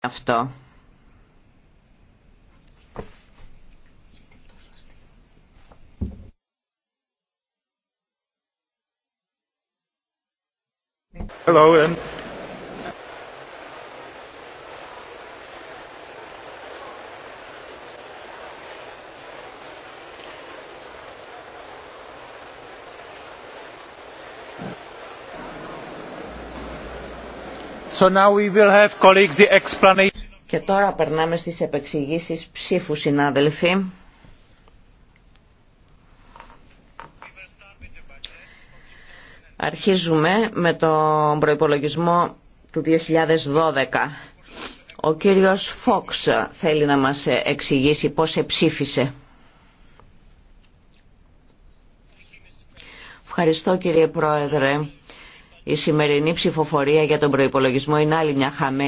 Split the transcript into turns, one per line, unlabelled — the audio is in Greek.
αυτό.
Hello and
και τώρα περνάμε στις επεξηγήσεις ψήφου, συνάδελφοι. Αρχίζουμε με τον προϋπολογισμό του 2012. Ο κύριος Φόξ θέλει να μας εξηγήσει πώς εψήφισε. Ευχαριστώ κύριε Πρόεδρε. Η σημερινή ψηφοφορία για τον προϋπολογισμό είναι άλλη μια χαμένη